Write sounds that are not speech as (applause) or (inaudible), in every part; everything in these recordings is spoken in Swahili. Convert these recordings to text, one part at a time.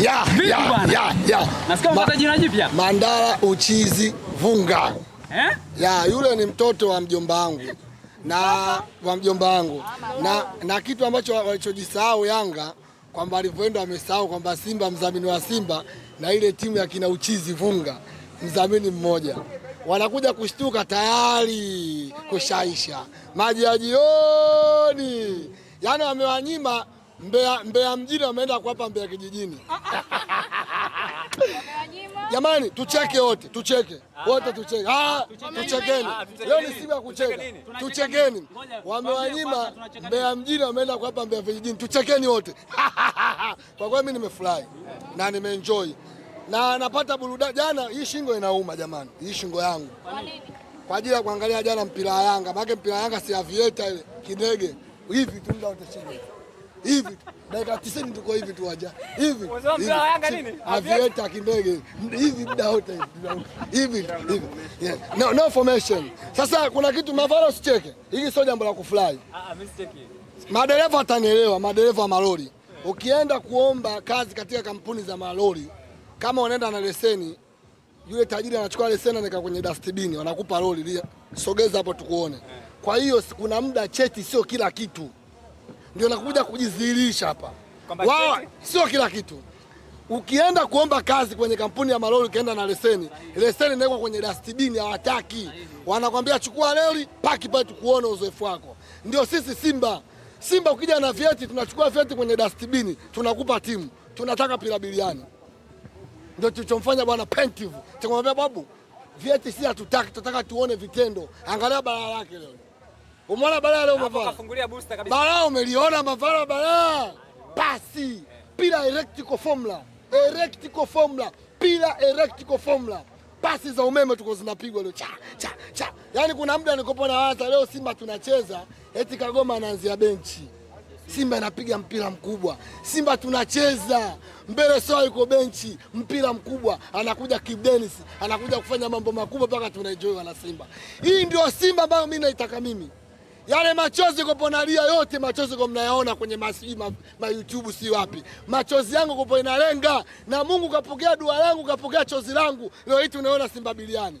ya, ya, ya, ya. jina jipya. Mandala Uchizi Vunga eh? Ya, yule ni mtoto wa mjomba wangu na wa mjomba wangu na, na kitu ambacho walichojisahau Yanga kwamba alivyoenda wamesahau kwamba Simba mzamini wa Simba na ile timu ya kina Uchizi Vunga mzamini mmoja wanakuja kushtuka tayari kushaisha maji ya jioni, yaani wamewanyima Mbeya, Mbeya mjini wameenda kuwapa Mbeya kijijini. Jamani, tucheke wote, tucheke wote, tucheke ah, ah tuchekeni. Ah, Leo ni siku ya kucheka, tuchekeni. Wamewanyima Mbeya mjini, wameenda kuwapa Mbeya vijijini. Tuchekeni wote. (laughs) Kwa kweli mimi nimefurahi na nimeenjoy na napata burudani. Jana hii shingo inauma jamani, hii shingo yangu kwa ajili ya kuangalia jana mpira wa Yanga, maana mpira wa Yanga si avieta ile kidege hivi tu, ndio wote hivi dakika 90 tuko hivi tu waja hivi Yanga nini avieta kindege hivi muda wote hivi hivi no, no formation. Sasa kuna kitu mavaro, usicheke hili, sio jambo la kufurahi. Ah, ah Madereva atanielewa, madereva wa malori, ukienda kuomba kazi katika kampuni za malori, kama unaenda na leseni, yule tajiri anachukua leseni anaweka kwenye dustbin, wanakupa lori, sogeza hapo tukuone. Eh. Kwa hiyo kuna muda cheti sio kila kitu ndio nakuja kujidhihirisha hapa. Wao sio kila kitu. Ukienda kuomba kazi kwenye kampuni ya malori ukienda na leseni, leseni inawekwa kwenye dustbin, hawataki. Wanakwambia chukua leli, paki pale, tukuone uzoefu wako. Ndio sisi Simba. Simba ukija na vyeti, tunachukua vyeti kwenye dustbin, tunakupa timu, tunataka biliani, Ndio tulichomfanya bwana Pentive, tukamwambia babu, vyeti sisi hatutaki, tunataka tuone vitendo. Angalia balaa lake leo. Umeona balaa leo umevaa. Kafungulia booster kabisa. Balaa umeliona mavala balaa. Pasi. Pila electrical formula. Electrical formula. Pila electrical formula. Pasi za umeme tuko zinapigwa leo. Cha cha cha. Yaani kuna muda nikopo na waza leo Simba tunacheza eti Kagoma anaanzia benchi. Simba inapiga mpira mkubwa. Simba tunacheza. Mbele sawa yuko benchi, mpira mkubwa, anakuja Kip Dennis, anakuja kufanya mambo makubwa mpaka tunaenjoy wana Simba. Hii ndio Simba ambayo mimi naitaka mimi. Yale machozi koponalia yote machozi kwa mnayaona kwenye masi, ma, ma YouTube si wapi. Machozi yangu kopo inalenga na Mungu kapokea dua langu kapokea chozi langu. Leo hii tunaona Simba biliani.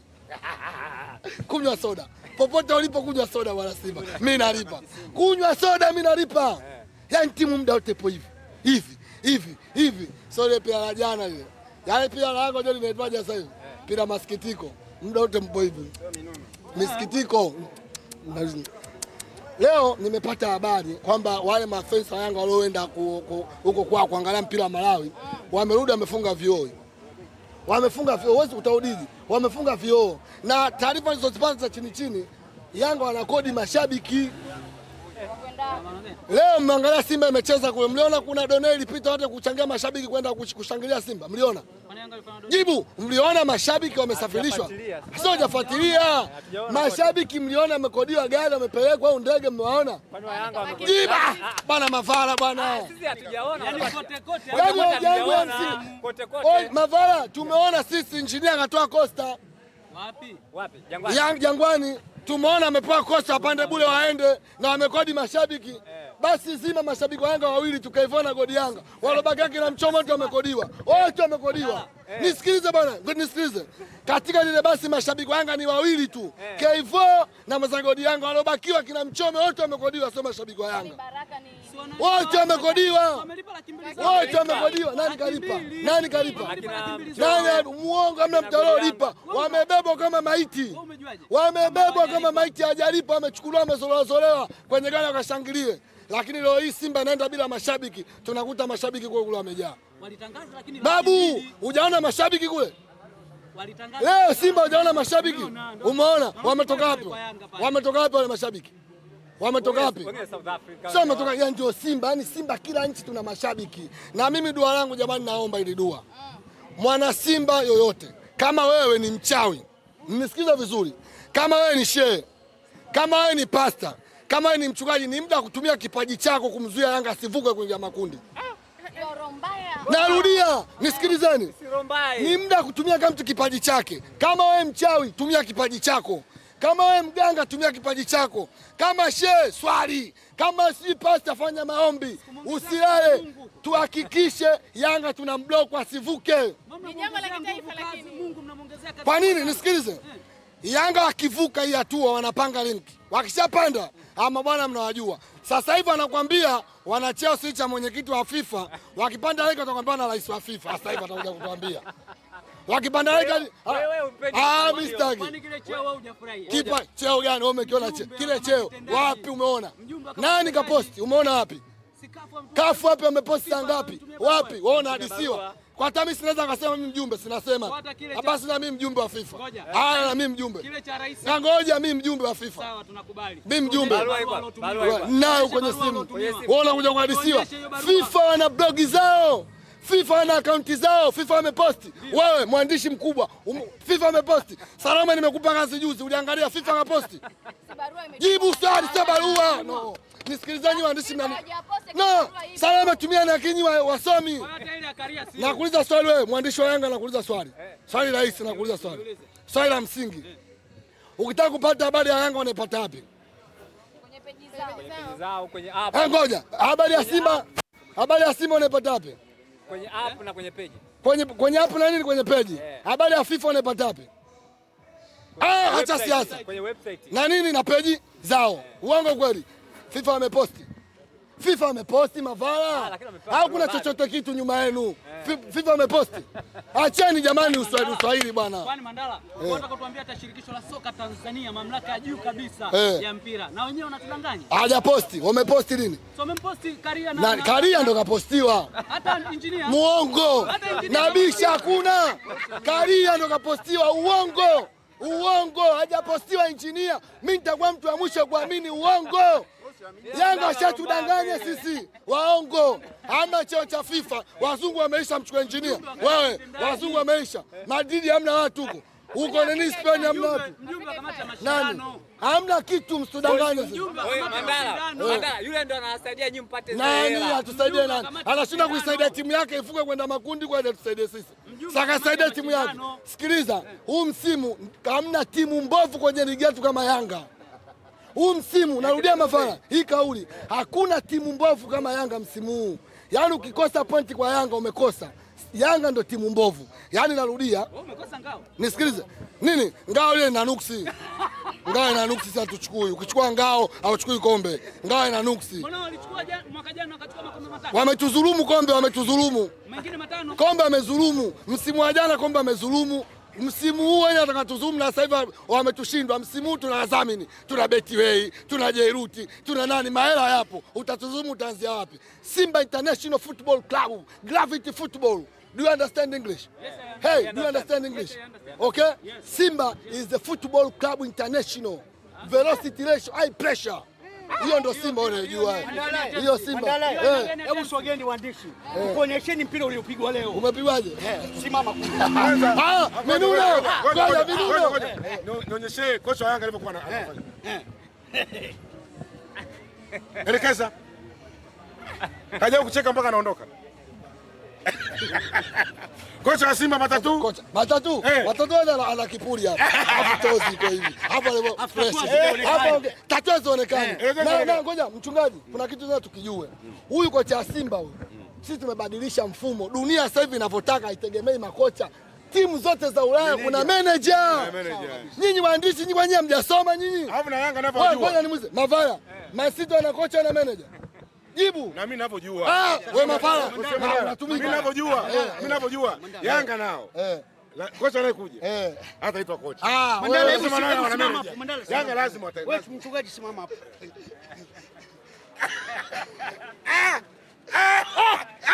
(laughs) Kunywa soda. Popote ulipo kunywa soda wala Simba. Mimi nalipa. Kunywa soda mimi nalipa. Yaani timu muda wote po hivi. Hivi, hivi, hivi. Sore pia la jana ile. Yale yaani pia la yako ndio limetwaje sasa hivi. Pila masikitiko. Muda wote mpo hivi. Misikitiko. Leo nimepata habari kwamba wale maafisa Yanga walioenda huko kwa kuangalia mpira wa Malawi wamerudi, wamefunga vioo, wamefunga vioo, huwezi kutaudidi, wamefunga vioo, na taarifa nilizozipata za chini chini, Yanga wanakodi mashabiki Leo mmeangalia Simba imecheza kule, mliona kuna done ilipita hata kuchangia mashabiki kwenda kushangilia Simba, mliona? Jibu, mliona mashabiki wamesafirishwa? Sio hajafuatilia mashabiki, mliona wamekodiwa gari, wamepelekwa au ndege, mmewaona? Jibu bana, Mavara bwana, ah, yaani yaani Mavara tumeona sisi, injinia akatoa Costa wapi? Wapi? Jangwani. Yang Jangwani tumeona amepewa kosa apande bule waende na wamekodi mashabiki eh. basi zima mashabiki wa Yanga wawili tukaivona godi Yanga walobagaki na mchomo wote wamekodiwa wote wamekodiwa. Eh. Nisikilize bwana, nisikilize. Katika lile basi mashabiki wa Yanga ni wawili tu, eh. Kevo na mwenzangu godi Yanga, walobakiwa kina mchomo wote wamekodiwa, sio mashabiki wa Yanga wote wamekodiwa, wote wamekodiwa. Nani kalipa? Nani kalipa? Nani muongo? Amna mtu aliolipa. Wamebebwa kama maiti, wamebebwa kama maiti, hajalipa, wamechukuliwa, amezolewazolewa kwenye gari akashangilie. Lakini leo hii Simba inaenda bila mashabiki, tunakuta mashabiki kule kule wamejaa. Babu, hujaona mashabiki kule leo Simba, hujaona mashabiki? Umeona wametoka wapi? Wametoka wapi wale mashabiki? Wametoka wapi? wametoka ya ndio Simba, yani Simba kila nchi tuna mashabiki. Na mimi dua langu jamani, naomba ili dua. Mwana Simba yoyote, kama wewe ni mchawi, mnisikiza vizuri. Kama wewe ni shehe, kama wewe ni pasta, kama wewe ni mchungaji, ni muda wa kutumia kipaji chako kumzuia Yanga asivuke kuingia makundi. Narudia, nisikilizeni, ni muda wa kutumia kama mtu kipaji chake. Kama wewe mchawi, tumia kipaji chako. Kama wewe mganga, tumia kipaji chako. Kama shehe, swali. Kama si pasta, fanya maombi, usilale. Tuhakikishe Yanga tuna mblok asivuke. Kwa nini? Nisikilize, eh. Yanga wakivuka hii hatua, wanapanga linki, wakishapanda ama bwana, mnawajua sasa hivi wanakwambia wanacheo si cha mwenyekiti wa FIFA, wakipanda leo watakwambia na rais wa FIFA. Sasa hivi atakuja kutuambia Ah, ah, Kipa cheo gani umekiona? Kile cheo wapi umeona? Nani kaposti? Umeona wapi? Kafu wapi ameposti ngapi? Wapi? Wewe unahadisiwa. Kwa hata mimi sinaweza kasema mimi mjumbe sinasema. Hapa sina mimi mjumbe wa FIFA. Haya na mimi mjumbe. Na ngoja mimi mjumbe wa FIFA. Sawa tunakubali. Mimi mjumbe. Nayo kwenye simu. Wewe unakuja kuhadisiwa. FIFA wana blogi zao. FIFA wana akaunti zao, FIFA ameposti. Wewe mwandishi mkubwa, um, FIFA ameposti. Salama, nimekupa kazi juzi, uliangalia FIFA kaposti? Jibu swali, sio barua. No. Nisikilizeni waandishi mnani. No, Salama tumia na kinyi wa, wasomi. Nakuuliza swali wewe, mwandishi wa Yanga nakuuliza swali. Eh. Swali rahisi nakuuliza swali. Swali la msingi. Ukitaka kupata habari ya Yanga unaipata wapi? Kwenye peji zao. Kwenye peji zao, kwenye app. Eh, ngoja, habari ya Simba. Habari ya Simba unaipata wapi? Kwenye eh? app na kwenye page. Kwenye kwenye app na nini kwenye page? Eh. Habari ya FIFA unaipata wapi? Ah, hacha siasa. Kwenye website. Na nini na page zao? Eh. Uongo kweli. FIFA wameposti. FIFA wameposti mavala. Au ah, kuna chochote kitu nyuma yenu? FIFA ameposti Acheni jamani uswahili bwana. Kwani Mandala, unataka eh. kutuambia hata shirikisho la soka Tanzania mamlaka ya juu kabisa eh. ya mpira. Na wenyewe wanatudanganya. Hajaposti, wameposti lini? So wameposti Karia na Karia ndo kapostiwa. Hata engineer. Muongo. Nabisha hakuna. Karia ndo kapostiwa uongo. Uongo, hajapostiwa engineer. Mimi nitakuwa mtu wa mwisho kuamini uongo. Yanga washatudanganya sisi waongo, hamna cheo cha FIFA. Wazungu wameisha, mchukua injinia wewe, wazungu wameisha. Madridi hamna watu huko huko nini, Spain hamna watu nani, hamna kitu, msitudanganye. Yule ndo mpate nani, atusaidie nani? Anashinda kuisaidia timu yake ifuke kwenda makundi kwa atusaidie sisi, sakasaidia timu yake. Sikiliza, huu msimu hamna timu mbovu kwenye ligi yetu kama Yanga huu msimu, narudia Mafara, hii kauli, hakuna timu mbovu kama Yanga msimu huu. Yaani ukikosa pointi kwa Yanga umekosa. Yanga ndo timu mbovu. Yaani narudia. Umekosa ngao. Nisikilize. Nini? Ngao ile ina nuksi. Ngao ina nuksi sasa tuchukui. Ukichukua ngao hauchukui kombe. Ngao ina nuksi. wametuzulumu kombe, wametuzulumu Kombe wamezulumu Msimu wa jana kombe amezulumu msimu huu yani atakatuzumla sasa hivi wametushindwa. Msimu huu tuna Azamini, tuna Betway, tuna Jeruti, tuna nani, mahela yapo. Utatuzumu utaanzia wapi? Simba International Football Club, Gravity Football. Do you understand English? Yes, I understand. Hey, do you understand English? Yes, understand. Okay? Yes. Simba is the football club international. Ah. Velocity ratio, high pressure. Hiyo ndio Simba unajua Hiyo Simba. Eh. Hebu swageni waandishi. Kuonyesheni eh. mpira uliopigwa leo. Umepigwaje? Eh. Simama kwanza. Ah, minuno. Ngoja minuno. Nionyeshe kocha wa Yanga alivyokuwa anafanya. Elekeza. Kaja kucheka mpaka anaondoka. Kocha wa Simba matatu. Kocha matatu. Hey. Eh. Matatu ana ana kipuri hapa. Hapo tozi kwa hivi. Hapo leo fresh. Hapo tatua zionekane. Na na ngoja mchungaji, kuna kitu lazima tukijue. Huyu kocha wa Simba huyu. Sisi tumebadilisha mfumo. Dunia sasa hivi inavyotaka haitegemei makocha. Timu zote za Ulaya kuna manager. Nyinyi waandishi nyinyi wenyewe mjasoma nyinyi. Hapo na Yanga napo jua. Mavaya. Eh. Masito ana kocha na manager jibu. Na mimi ninavyojua Ah, wewe mafala, mimi ninavyojua eh. mimi ninavyojua Yanga nao eh. kocha anayekuja Eh. hataitwa kocha. Ah, Yanga lazima ataitwa. Wewe mchungaji, simama hapo. (laughs) Ah! ah!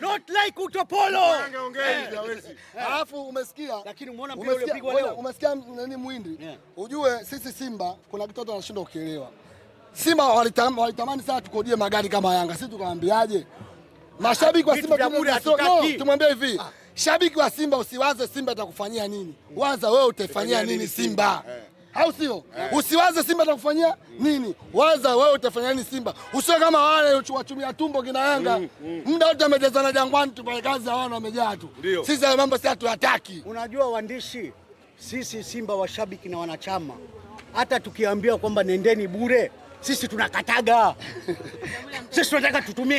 Not like utopolo. Eh. Eh. Alafu umesikia? Lakini umeona mpira uliopigwa leo. Umesikia nani mwindi Yeah. Ujue sisi Simba kuna kitu watu wanashindwa kukielewa. Simba walitamani walitamani sana tukodie magari kama Yanga. Sisi tukawaambiaje? Mashabiki wa Simba tumwambie hivi. Ah. Shabiki wa Simba usiwaze Simba itakufanyia nini. Waza wewe utaifanyia nini Simba. Eh au sio? Yeah. Usiwaze Simba atakufanyia mm. nini, waza wewe utafanya nini Simba. Usiwe kama wale wachumia tumbo kina Yanga mm. mm. mm. wote amecheza na Jangwani tu pale, kazi hawana, wamejaa tu. Sisi hayo mambo si hatuyataki. Unajua waandishi, sisi Simba washabiki na wanachama, hata tukiambiwa kwamba nendeni bure, sisi tunakataga (laughs) sisi tunataka tutumie